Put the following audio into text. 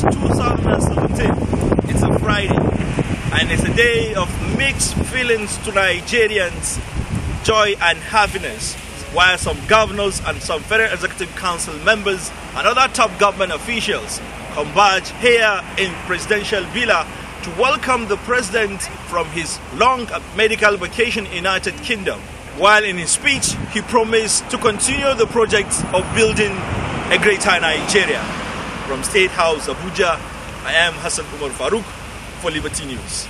March 2017. It's a Friday, and it's a day of mixed feelings to Nigerians joy and happiness. While some governors and some federal executive council members and other top government officials converge here in Presidential Villa to welcome the president from his long medical vacation in United Kingdom. While in his speech, he promised to continue the project of building a greater Nigeria. From State House, Abuja, I am Hassan Umar Farouk for Liberty News.